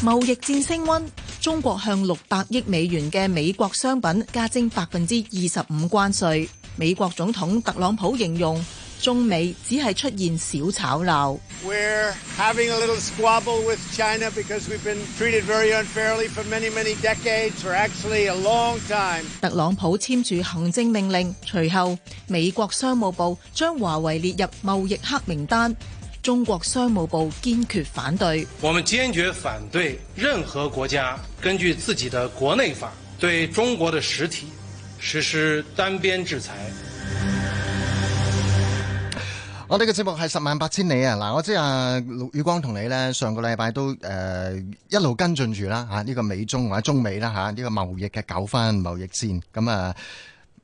貿易戰升溫，中國向六百億美元嘅美國商品加徵百分之二十五關稅。美國總統特朗普形容中美只係出現小吵鬧。特朗普簽署行政命令，隨後美國商務部將華為列入貿易黑名單。中國商務部堅決反對，我們堅決反對任何國家根據自己的國內法對中國的實體實施單邊制裁。 我哋嘅節目係十萬八千里啊！嗱，我知阿盧宇光同你咧上個禮拜都誒、呃、一路跟進住啦吓，呢、啊這個美中或者中美啦吓，呢、啊這個貿易嘅糾紛、貿易戰咁、嗯、啊。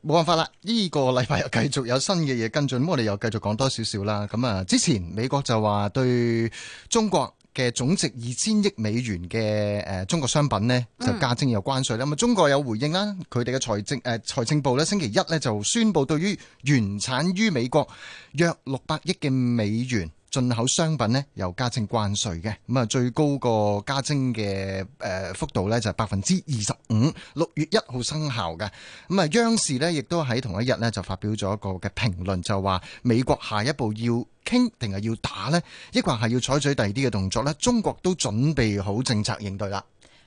冇辦法啦！呢個禮拜又繼續有新嘅嘢跟進，咁我哋又繼續講多少少啦。咁啊，之前美國就話對中國嘅總值二千億美元嘅誒中國商品呢，就加徵有關稅啦。咁啊、嗯，中國有回應啦。佢哋嘅財政誒、呃、財政部呢，星期一呢就宣布對於原產於美國約六百億嘅美元，進口商品呢又加徵關稅嘅，咁啊，最高個加徵嘅誒幅度呢就係百分之二十五，六月一號生效嘅。咁啊，央視呢亦都喺同一日呢就發表咗一個嘅評論，就話美國下一步要傾定係要打呢，抑或係要採取第二啲嘅動作呢，中國都準備好政策應對啦。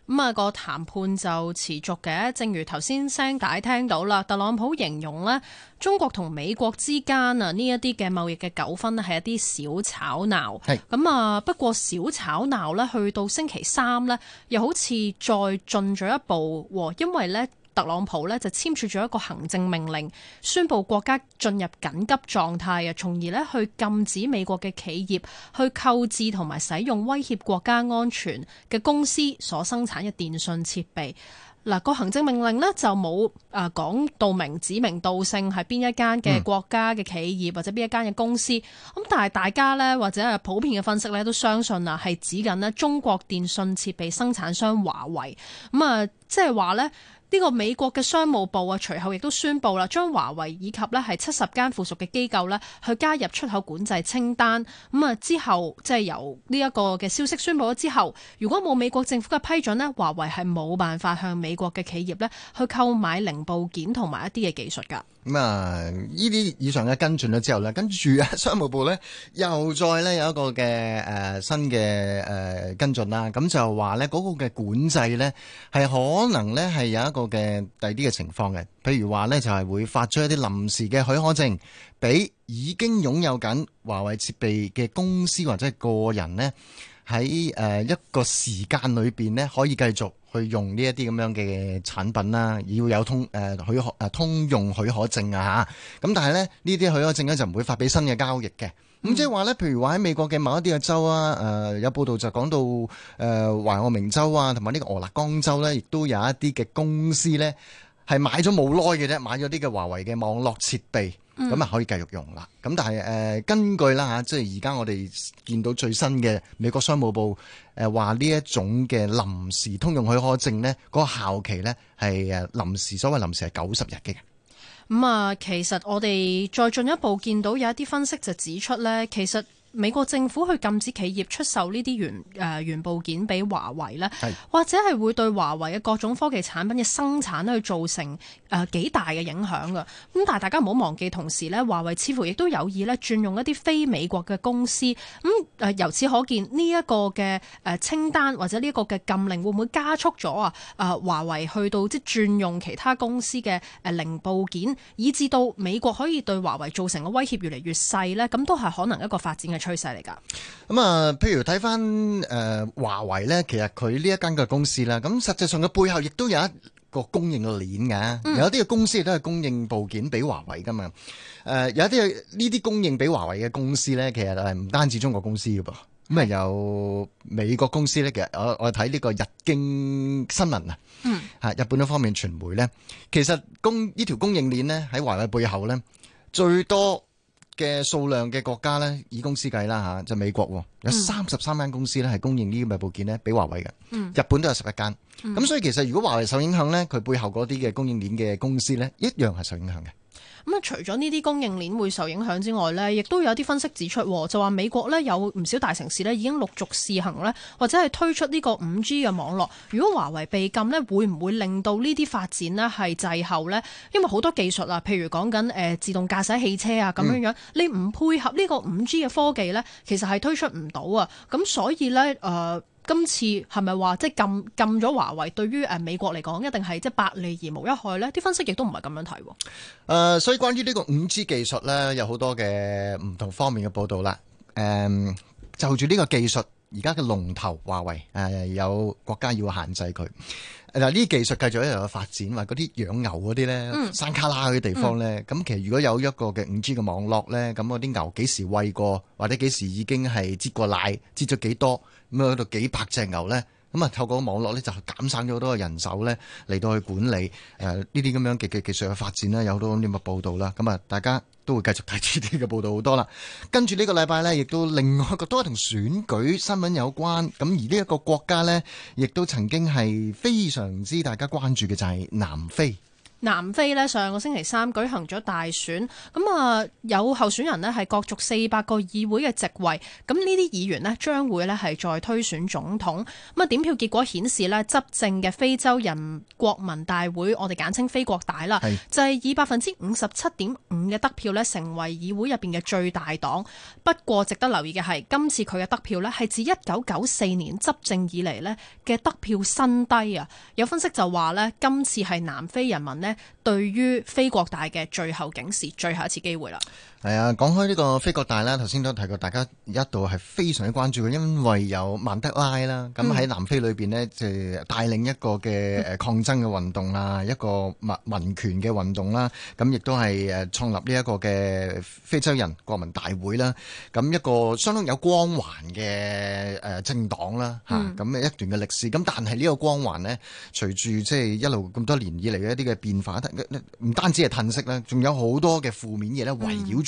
咁啊，個談判就持續嘅，正如頭先聲帶聽到啦，特朗普形容咧，中國同美國之間啊呢一啲嘅貿易嘅糾紛咧係一啲小吵鬧，咁啊是，不過小吵鬧咧，去到星期三咧，又好似再進咗一步，因為咧。特朗普呢就簽署咗一個行政命令，宣布國家進入緊急狀態啊，從而呢去禁止美國嘅企業去購置同埋使用威脅國家安全嘅公司所生產嘅電訊設備。嗱、那，個行政命令呢就冇啊講到明指名道姓係邊一間嘅國家嘅企業或者邊一間嘅公司咁，嗯、但係大家呢，或者係普遍嘅分析呢，都相信啊係指緊呢中國電信設備生產商華為咁啊，即係話呢。呢個美國嘅商務部啊，隨後亦都宣布啦，將華為以及咧係七十間附屬嘅機構咧，去加入出口管制清單。咁、嗯、啊，之後即係由呢一個嘅消息宣布咗之後，如果冇美國政府嘅批准咧，華為係冇辦法向美國嘅企業咧去購買零部件同埋一啲嘅技術㗎。咁、嗯、啊，呢啲以上嘅跟進咗之後咧，跟住啊商務部咧又再咧有一個嘅誒、呃、新嘅誒、呃、跟進啦。咁就話呢嗰、那個嘅管制呢係可能咧係有一個嘅第二啲嘅情況嘅，譬如話咧就係會發出一啲臨時嘅許可證，俾已經擁有緊華為設備嘅公司或者係個人呢，喺誒一個時間裏邊呢，可以繼續去用呢一啲咁樣嘅產品啦，要有通誒許可誒通用許可證啊吓，咁但係咧呢啲許可證咧就唔會發俾新嘅交易嘅。咁、嗯、即係話咧，譬如話喺美國嘅某一啲嘅州啊，誒、呃、有報道就講到誒，懷、呃、俄明州啊，同埋呢個俄勒岡州咧、啊，亦都有一啲嘅公司咧，係買咗冇耐嘅啫，買咗啲嘅華為嘅網絡設備，咁啊、嗯、可以繼續用啦。咁但係誒、呃，根據啦吓，即係而家我哋見到最新嘅美國商務部誒話呢一種嘅臨時通用許可證咧，嗰、那個效期咧係誒臨時所謂臨時係九十日嘅。咁啊，嗯，其實我哋再進一步見到有一啲分析就指出咧，其實，美國政府去禁止企業出售呢啲原誒、呃、原部件俾華為咧，是或者係會對華為嘅各種科技產品嘅生產咧，去造成誒、呃、幾大嘅影響噶。咁但係大家唔好忘記，同時咧，華為似乎亦都有意咧轉用一啲非美國嘅公司。咁、嗯呃、由此可見呢一、這個嘅誒清單或者呢一個嘅禁令，會唔會加速咗啊？誒、呃，華為去到即係轉用其他公司嘅誒、呃、零部件，以至到美國可以對華為造成嘅威脅越嚟越細呢？咁都係可能一個發展嘅。趨勢嚟噶，咁啊，譬如睇翻誒華為咧，其實佢呢一間嘅公司啦，咁實際上嘅背後亦都有一個供應嘅鏈噶，嗯、有啲嘅公司亦都係供應部件俾華為噶嘛，誒、呃、有啲呢啲供應俾華為嘅公司咧，其實係唔單止中國公司噶噃，咁啊、嗯、有美國公司咧，其實我我睇呢個日經新聞啊，嗯，嚇日本嗰方面傳媒咧，其實供呢條供應鏈咧喺華為背後咧最多。嘅數量嘅國家呢，以公司計啦嚇，就美國有三十三間公司呢係供應呢啲咁嘅部件呢，俾華為嘅。日本都有十一間，咁所以其實如果華為受影響呢，佢背後嗰啲嘅供應鏈嘅公司呢，一樣係受影響嘅。咁除咗呢啲供應鏈會受影響之外呢，亦都有啲分析指出，就話美國呢有唔少大城市呢已經陸續試行呢或者係推出呢個五 G 嘅網絡。如果華為被禁呢會唔會令到呢啲發展呢係滯後呢？因為好多技術啊，譬如講緊誒自動駕駛汽車啊咁樣樣，嗯、你唔配合呢個五 G 嘅科技呢，其實係推出唔到啊。咁所以呢。誒、呃。今次係咪話即係禁禁咗華為？對於誒美國嚟講，一定係即係百利而無一害。呢啲分析亦都唔係咁樣睇喎、呃。所以關於呢個五 G 技術咧，有好多嘅唔同方面嘅報道啦。誒、嗯，就住呢個技術而家嘅龍頭華為誒、呃，有國家要限制佢嗱。呢、呃、技術繼續喺度發展，話嗰啲養牛嗰啲咧，山卡拉嗰啲地方咧，咁、嗯嗯、其實如果有一個嘅五 G 嘅網絡咧，咁嗰啲牛幾時餵過，或者幾時已經係擠過奶，擠咗幾多？咁喺度幾百隻牛咧，咁啊，透過網絡咧，就係減省咗好多嘅人手咧嚟到去管理，誒呢啲咁樣嘅技技術嘅發展啦。有好多咁啲嘅報道啦，咁啊大家都會繼續睇呢啲嘅報道好多啦。跟住呢個禮拜咧，亦都另外一個都係同選舉新聞有關，咁而呢一個國家咧，亦都曾經係非常之大家關注嘅就係南非。南非咧上個星期三舉行咗大選，咁啊有候選人咧係角逐四百個議會嘅席位，咁呢啲議員咧將會咧係再推選總統。咁啊點票結果顯示咧執政嘅非洲人國民大會，我哋簡稱非國大啦，是就係以百分之五十七點五嘅得票咧成為議會入邊嘅最大黨。不過值得留意嘅係，今次佢嘅得票咧係自一九九四年執政以嚟咧嘅得票新低啊！有分析就話咧，今次係南非人民咧。對於非國大嘅最後警示，最後一次機會啦。係啊，講開呢個非國大啦，頭先都提過，大家一度係非常之關注佢，因為有曼德拉啦，咁喺、嗯、南非裏邊呢，就係帶領一個嘅誒抗爭嘅運動啦，嗯、一個民民權嘅運動啦，咁亦都係誒創立呢一個嘅非洲人國民大會啦，咁一個相當有光環嘅誒政黨啦，吓、嗯，咁一段嘅歷史，咁但係呢個光環呢，隨住即係一路咁多年以嚟嘅一啲嘅變化，唔單止係褪色啦，仲有好多嘅負面嘢咧圍繞。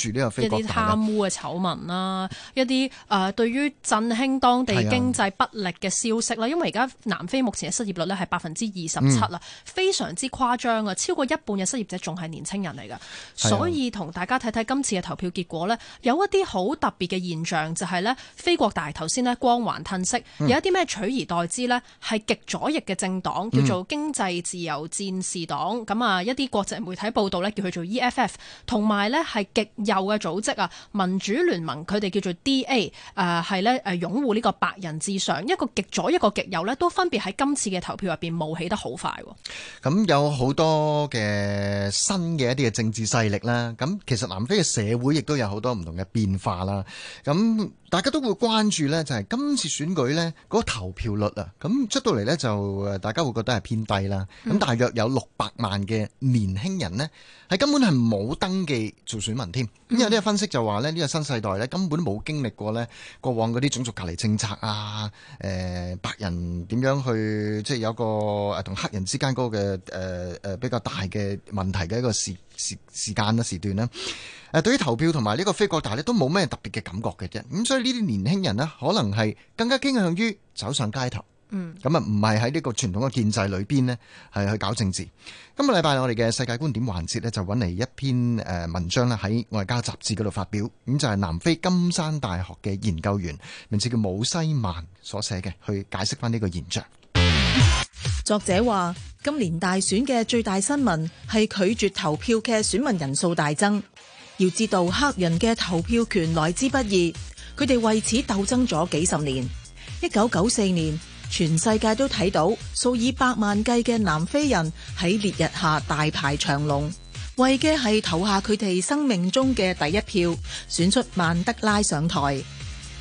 一啲貪污嘅醜聞啦，一啲誒對於振興當地經濟不力嘅消息啦，因為而家南非目前嘅失業率咧係百分之二十七啦，嗯、非常之誇張嘅，超過一半嘅失業者仲係年輕人嚟嘅，所以同大家睇睇今次嘅投票結果呢，有一啲好特別嘅現象就係呢，非國大頭先呢光環褪色，有一啲咩取而代之呢係極左翼嘅政黨叫做經濟自由戰士黨，咁啊一啲國際媒體報導呢，叫佢做 EFF，同埋呢係極右嘅組織啊，民主聯盟佢哋叫做 DA，誒係咧誒擁護呢個白人至上，一個極左，一個極右咧，都分別喺今次嘅投票入邊冒起得好快。咁有好多嘅新嘅一啲嘅政治勢力啦。咁其實南非嘅社會亦都有好多唔同嘅變化啦。咁。大家都會關注呢，就係今次選舉呢嗰投票率啊，咁出到嚟呢，就誒，大家會覺得係偏低啦。咁大約有六百萬嘅年輕人呢，係根本係冇登記做選民添。咁有啲分析就話呢，呢個新世代呢，根本冇經歷過呢過往嗰啲種族隔離政策啊，誒白人點樣去即係有個誒同黑人之間嗰個嘅誒誒比較大嘅問題嘅一個事。時時間啊時段咧，誒、啊，對於投票同埋呢個非國大咧都冇咩特別嘅感覺嘅啫，咁所以呢啲年輕人呢，可能係更加傾向於走上街頭，嗯，咁啊唔係喺呢個傳統嘅建制裏邊呢，係去搞政治。今個禮拜我哋嘅世界觀點環節呢，就揾嚟一篇誒文章咧喺《外交雜誌》嗰度發表，咁就係、是、南非金山大學嘅研究員，名字叫姆西曼所寫嘅，去解釋翻呢個現象。作者話：今年大選嘅最大新聞係拒絕投票嘅選民人數大增。要知道黑人嘅投票權來之不易，佢哋為此鬥爭咗幾十年。一九九四年，全世界都睇到數以百萬計嘅南非人喺烈日下大排長龍，為嘅係投下佢哋生命中嘅第一票，選出曼德拉上台。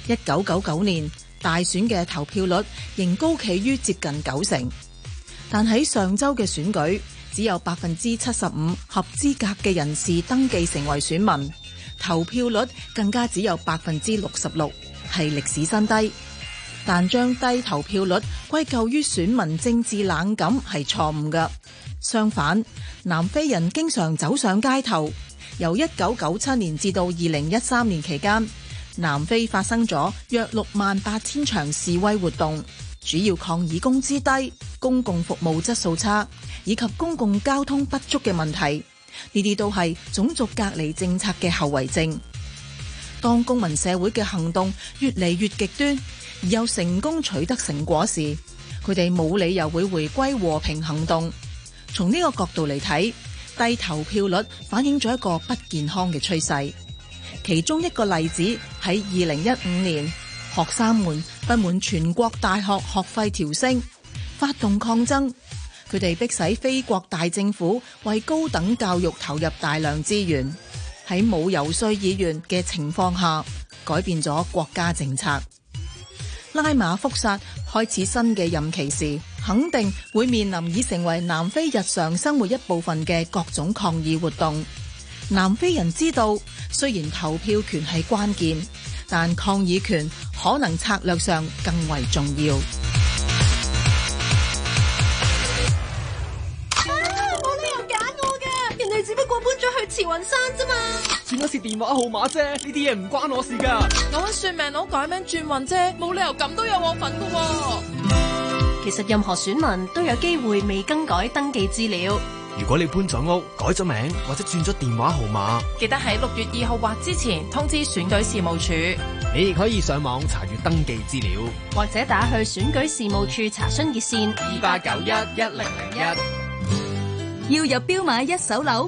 一九九九年，大選嘅投票率仍高企於接近九成。但喺上周嘅選舉，只有百分之七十五合資格嘅人士登記成為選民，投票率更加只有百分之六十六，係歷史新低。但將低投票率歸咎於選民政治冷感係錯誤嘅。相反，南非人經常走上街頭，由一九九七年至到二零一三年期間，南非發生咗約六萬八千場示威活動，主要抗議工資低。公共服務質素差，以及公共交通不足嘅問題，呢啲都係種族隔離政策嘅後遺症。當公民社會嘅行動越嚟越極端，而又成功取得成果時，佢哋冇理由會回歸和平行動。從呢個角度嚟睇，低投票率反映咗一個不健康嘅趨勢。其中一個例子，喺二零一五年，學生們不滿全國大學學費調升，發動抗爭，佢哋迫使非國大政府為高等教育投入大量資源。喺冇遊說議員嘅情況下，改變咗國家政策。拉馬福薩開始新嘅任期時，肯定會面臨已成為南非日常生活一部分嘅各種抗議活動。南非人知道，雖然投票權係關鍵，但抗議權可能策略上更為重要。慈雲山啫嘛，轉一轉電話號碼啫，呢啲嘢唔關我事噶。我喺算命佬改名轉運啫，冇理由咁都有我份噶。其實任何選民都有機會未更改登記資料。如果你搬咗屋、改咗名或者轉咗電話號碼，記得喺六月二號或之前通知選舉事務處。你亦可以上網查閱登記資料，或者打去選舉事務處查詢熱線二八九一一零零一。要入標買一手樓。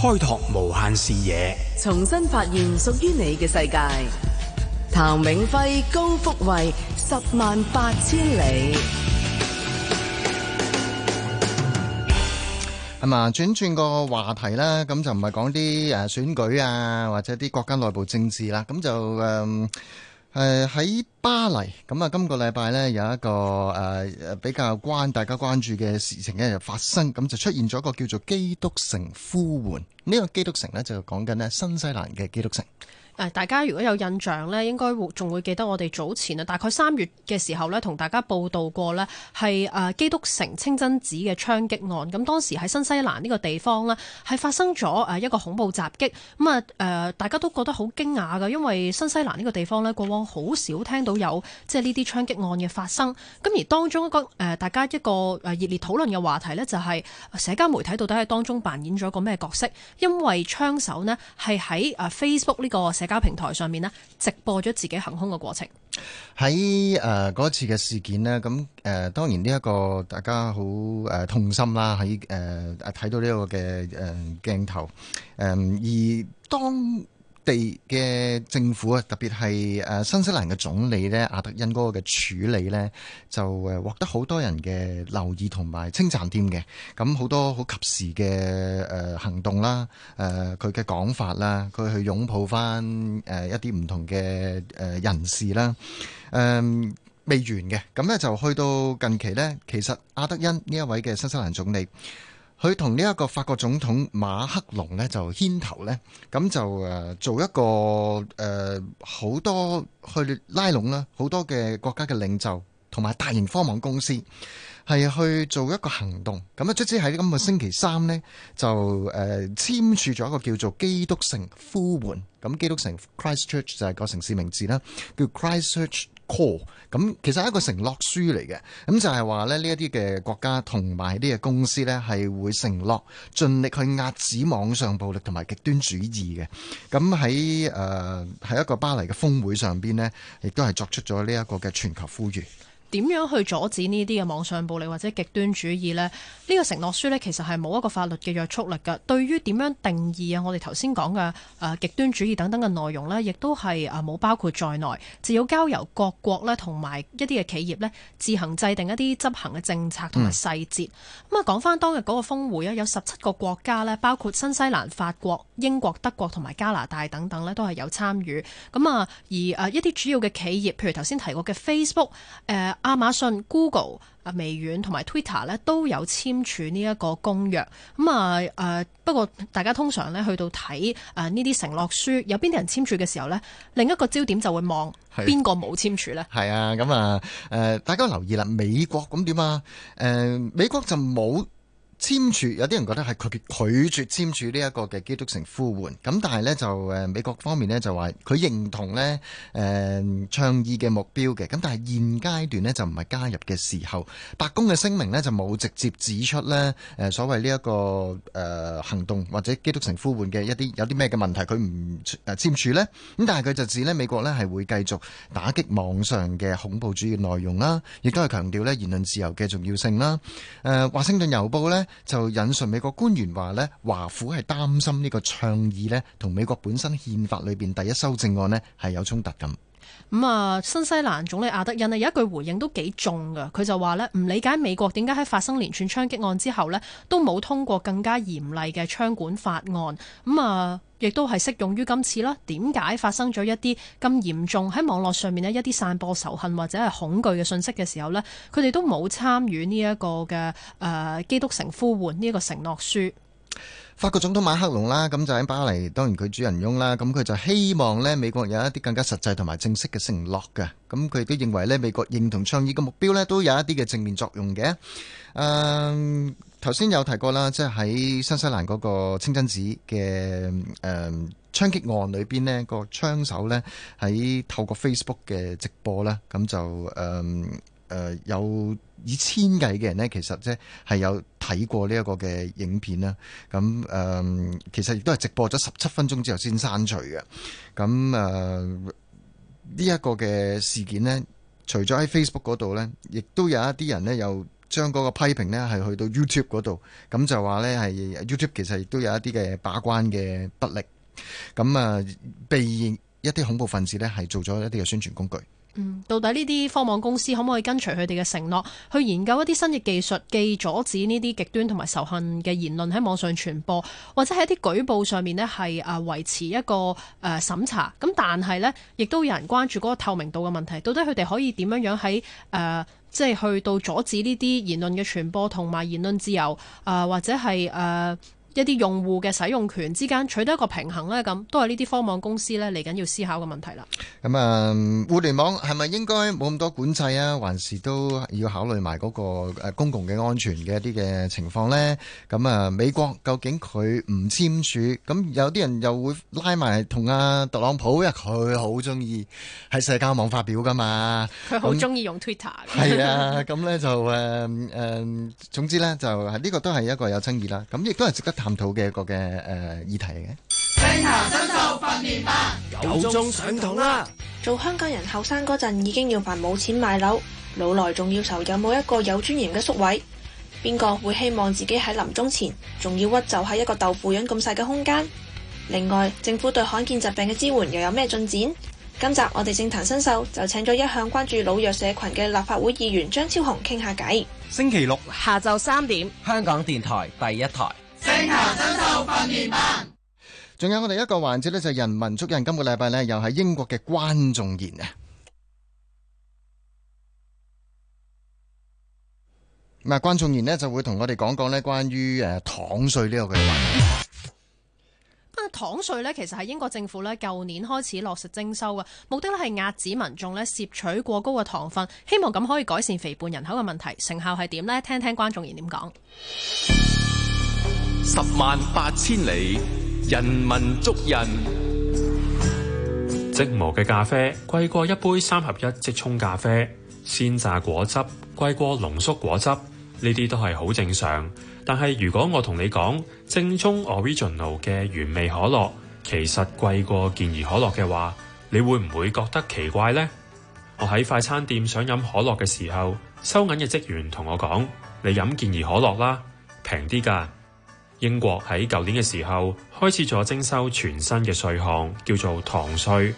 開拓無限視野，重新發現屬於你嘅世界。譚永輝、高福慧，十萬八千里。係嘛，轉 轉樂個話題啦，咁就唔係講啲誒選舉啊，或者啲國家內部政治啦，咁就誒。嗯誒，喺巴黎咁啊，今個禮拜咧有一個誒比較關大家關注嘅事情咧又發生，咁就出現咗一個叫做基督城呼喚。呢、這個基督城咧就講緊咧新西蘭嘅基督城。大家如果有印象呢，應該會仲會記得我哋早前啊，大概三月嘅時候呢，同大家報道過呢係誒基督城清真寺嘅槍擊案。咁當時喺新西蘭呢個地方呢，係發生咗誒一個恐怖襲擊。咁啊誒，大家都覺得好驚訝㗎，因為新西蘭呢個地方呢，過往好少聽到有即係呢啲槍擊案嘅發生。咁而當中一個誒，大家一個誒熱烈討論嘅話題呢，就係，就係社交媒體到底係當中扮演咗一個咩角色？因為槍手呢，係喺誒 Facebook 呢個社交平台上面呢，直播咗自己行凶嘅過程。喺、呃、誒嗰次嘅事件呢，咁、呃、誒當然呢一個大家好誒、呃、痛心啦。喺誒睇到呢、這個嘅誒鏡頭，誒、呃、而當。嘅政府啊，特別係誒新西蘭嘅總理咧，阿德恩嗰個嘅處理咧，就誒獲得好多人嘅留意同埋稱讚添嘅。咁好多好及時嘅誒行動啦，誒佢嘅講法啦，佢去擁抱翻誒一啲唔同嘅誒人士啦，誒、嗯、未完嘅。咁咧就去到近期咧，其實阿德恩呢一位嘅新西蘭總理。佢同呢一個法國總統馬克龍呢，就牽頭呢，咁就誒、呃、做一個誒好、呃、多去拉攏啦，好多嘅國家嘅領袖同埋大型科網公司係去做一個行動咁啊。卒之喺今個星期三呢，就誒、呃、簽署咗一個叫做基督城呼喚咁，基督城 Christ Church 就係個城市名字啦，叫 Christ Church。咁其實係一個承諾書嚟嘅，咁就係話咧呢一啲嘅國家同埋呢個公司咧係會承諾盡力去壓止網上暴力同埋極端主義嘅。咁喺誒喺一個巴黎嘅峰會上邊呢，亦都係作出咗呢一個嘅全球呼籲。點樣去阻止呢啲嘅網上暴力或者極端主義呢？呢、呢個承諾書呢，其實係冇一個法律嘅約束力㗎。對於點樣定義啊，我哋頭先講嘅誒極端主義等等嘅內容呢，亦都係誒冇包括在內，只要交由各國呢，同埋一啲嘅企業呢，自行制定一啲執行嘅政策同埋細節。咁啊、嗯，講翻當日嗰個峰會咧，有十七個國家咧，包括新西蘭、法國、英國、德國同埋加拿大等等呢都係有參與。咁啊，而誒一啲主要嘅企業，譬如頭先提過嘅 Facebook 誒、呃。亞馬遜、Google、啊微軟同埋 Twitter 咧都有簽署呢一個公約，咁啊誒不過大家通常咧去到睇誒呢啲承諾書，有邊啲人簽署嘅時候咧，另一個焦點就會望邊個冇簽署咧。係啊，咁啊誒大家留意啦，美國咁點啊？誒、嗯嗯、美國就冇。簽署，有啲人覺得係佢拒絕簽署呢一個嘅基督城呼喚，咁但係呢，就誒美國方面呢，就話佢認同呢誒、呃、倡議嘅目標嘅，咁但係現階段呢，就唔係加入嘅時候。白宮嘅聲明呢，就冇直接指出呢誒、呃、所謂呢、這、一個誒、呃、行動或者基督城呼喚嘅一啲有啲咩嘅問題佢唔誒簽署呢，咁但係佢就指呢美國呢，係會繼續打擊網上嘅恐怖主義內容啦，亦都係強調呢言論自由嘅重要性啦。誒、呃《華盛頓郵報》呢呢。就引述美國官員話呢，華府係擔心呢個倡議呢，同美國本身憲法裏面第一修正案呢係有衝突咁。咁啊、嗯，新西蘭總理阿德恩啊，有一句回應都幾重噶，佢就話呢，唔理解美國點解喺發生連串槍擊案之後呢，都冇通過更加嚴厲嘅槍管法案。咁、嗯、啊，亦、嗯、都係適用於今次啦。點解發生咗一啲咁嚴重喺網絡上面呢，一啲散播仇恨或者係恐懼嘅信息嘅時候呢，佢哋都冇參與呢、這、一個嘅誒、呃、基督城呼喚呢一個承諾書。法國總統馬克龍啦，咁就喺巴黎，當然佢主人翁啦，咁佢就希望咧美國有一啲更加實際同埋正式嘅承諾嘅，咁佢亦都認為咧美國認同倡議嘅目標咧都有一啲嘅正面作用嘅。嗯，頭先有提過啦，即係喺新西蘭嗰個清真寺嘅誒槍擊案裏邊咧，個槍手咧喺透過 Facebook 嘅直播啦，咁就誒。誒、呃、有以千計嘅人呢，其實即係有睇過呢一個嘅影片啦。咁、嗯、誒，其實亦都係直播咗十七分鐘之後先刪除嘅。咁誒呢一個嘅事件呢，除咗喺 Facebook 嗰度呢，亦都有一啲人呢，又將嗰個批評呢係去到 YouTube 嗰度，咁、嗯、就話呢係 YouTube 其實亦都有一啲嘅把關嘅不力。咁、嗯、啊，被一啲恐怖分子呢，係做咗一啲嘅宣傳工具。嗯，到底呢啲科網公司可唔可以跟隨佢哋嘅承諾，去研究一啲新嘅技術，既阻止呢啲極端同埋仇恨嘅言論喺網上傳播，或者喺啲舉報上面呢係誒維持一個誒審、呃、查？咁但係呢，亦都有人關注嗰個透明度嘅問題，到底佢哋可以點樣樣喺誒即係去到阻止呢啲言論嘅傳播同埋言論自由啊、呃，或者係誒？呃一啲用戶嘅使用權之間取得一個平衡咧，咁都係呢啲科網公司咧嚟緊要思考嘅問題啦。咁啊、嗯，互聯網係咪應該冇咁多管制啊？還是都要考慮埋嗰個誒公共嘅安全嘅一啲嘅情況咧？咁、嗯、啊，美國究竟佢唔簽署？咁、嗯、有啲人又會拉埋同阿特朗普，因為佢好中意喺社交網發表噶嘛。佢好中意用 Twitter、嗯。係、嗯嗯、啊，咁咧就誒誒，總之咧就、嗯嗯、係呢個都係一個有爭議啦。咁亦都係值得。探討嘅一個嘅誒議題嘅。政壇新秀訓練班夠鐘上堂啦。做香港人後生嗰陣，已經要煩冇錢買樓，老來仲要愁有冇一個有尊嚴嘅宿位。邊個會希望自己喺臨終前仲要屈就喺一個豆腐樣咁細嘅空間？另外，政府對罕見疾病嘅支援又有咩進展？今集我哋政壇新秀就請咗一向關注老弱社群嘅立法會議員張超雄傾下偈。星期六下晝三點，香港電台第一台。名校真訓練班，仲有我哋一個環節呢就係、是、人文足印。今個禮拜呢，又係英國嘅關仲然啊，咁啊，關仲然咧就會同我哋講講咧關於誒糖稅呢個嘅問題。啊，糖稅呢，其實係英國政府呢，舊年開始落實徵收嘅，目的咧係壓止民眾呢攝取過高嘅糖分，希望咁可以改善肥胖人口嘅問題。成效係點呢？聽聽關仲然點講。十萬八千里，人文足印。即磨嘅咖啡貴過一杯三合一即沖咖啡，鮮榨果汁貴過濃縮果汁，呢啲都係好正常。但係如果我同你講正宗 Original 嘅原味可樂其實貴過健怡可樂嘅話，你會唔會覺得奇怪呢？我喺快餐店想飲可樂嘅時候，收銀嘅職員同我講，你飲健怡可樂啦，平啲噶。英國喺舊年嘅時候開始咗徵收全新嘅稅項，叫做糖稅，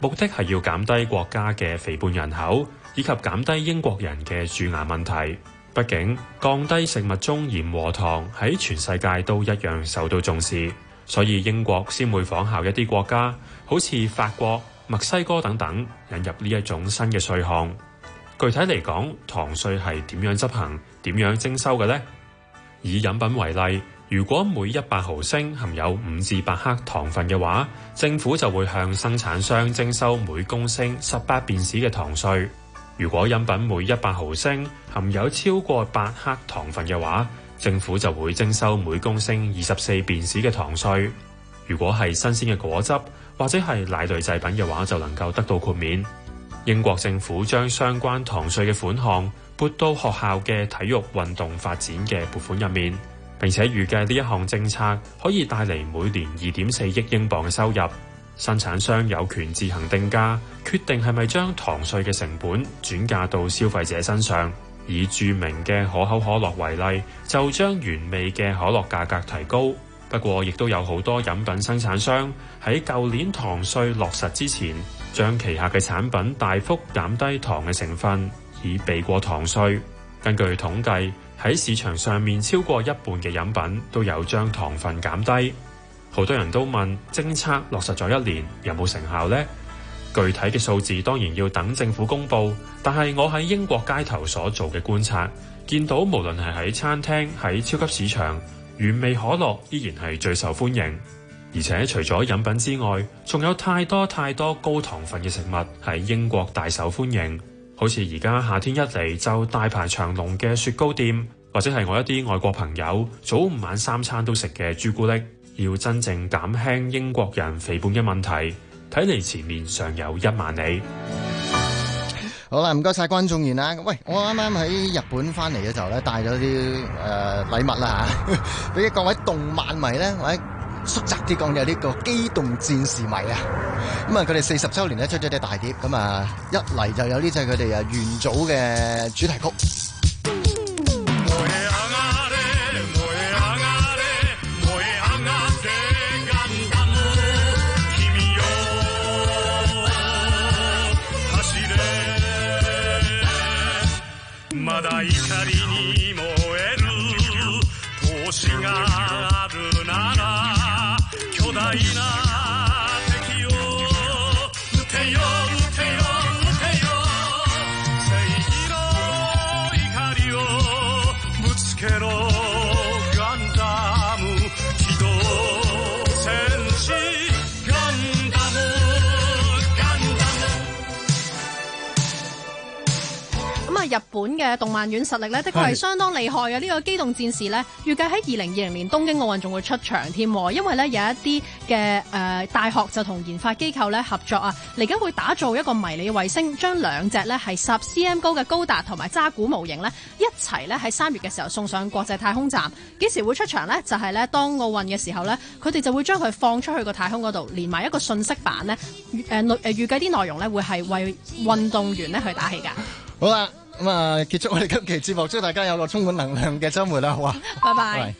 目的係要減低國家嘅肥胖人口，以及減低英國人嘅蛀牙問題。畢竟降低食物中鹽和糖喺全世界都一樣受到重視，所以英國先會仿效一啲國家，好似法國、墨西哥等等，引入呢一種新嘅稅項。具體嚟講，糖稅係點樣執行、點樣徵收嘅呢？以飲品為例。如果每一百毫升含有五至八克糖分嘅話，政府就會向生產商徵收每公升十八便士嘅糖稅。如果飲品每一百毫升含有超過八克糖分嘅話，政府就會徵收每公升二十四便士嘅糖稅。如果係新鮮嘅果汁或者係奶類製品嘅話，就能夠得到豁免。英國政府將相關糖稅嘅款項撥到學校嘅體育運動發展嘅撥款入面。並且預計呢一項政策可以帶嚟每年二點四億英鎊嘅收入。生產商有權自行定價，決定係咪將糖稅嘅成本轉嫁到消費者身上。以著名嘅可口可樂為例，就將原味嘅可樂價格提高。不過，亦都有好多飲品生產商喺舊年糖稅落實之前，將旗下嘅產品大幅減低糖嘅成分，以避過糖稅。根據統計，喺市場上面，超過一半嘅飲品都有將糖分減低。好多人都問，政策落實咗一年，有冇成效呢？具體嘅數字當然要等政府公佈，但係我喺英國街頭所做嘅觀察，見到無論係喺餐廳、喺超級市場，原味可樂依然係最受歡迎。而且除咗飲品之外，仲有太多太多高糖分嘅食物喺英國大受歡迎。好似而家夏天一嚟就大排長龍嘅雪糕店，或者係我一啲外國朋友早午晚三餐都食嘅朱古力，要真正減輕英國人肥胖嘅問題，睇嚟前面尚有一萬里。好啦，唔該晒關仲然啊！喂，我啱啱喺日本返嚟嘅時候咧，帶咗啲誒禮物啦嚇，俾各位動漫迷咧，喂。縮窄啲講，有呢個機動戰士迷啊！咁啊，佢哋四十週年咧，出咗隻大碟，咁啊，一嚟就有呢隻佢哋啊元祖嘅主題曲。日本嘅動漫院實力呢，的確係相當厲害嘅。呢個機動戰士呢，預計喺二零二零年東京奧運仲會出場添。因為呢有一啲嘅誒大學就同研發機構咧合作啊，嚟緊會打造一個迷你衛星，將兩隻呢係十 cm 高嘅高達同埋渣古模型呢，一齊呢喺三月嘅時候送上國際太空站。幾時會出場呢？就係呢當奧運嘅時候呢，佢哋就會將佢放出去個太空嗰度，連埋一個信息板呢誒預誒預計啲內容呢，會係為運動員咧去打氣噶。好啦、啊。咁啊，結束我哋今期節目，祝大家有個充滿能量嘅周末啦，好啊，拜拜。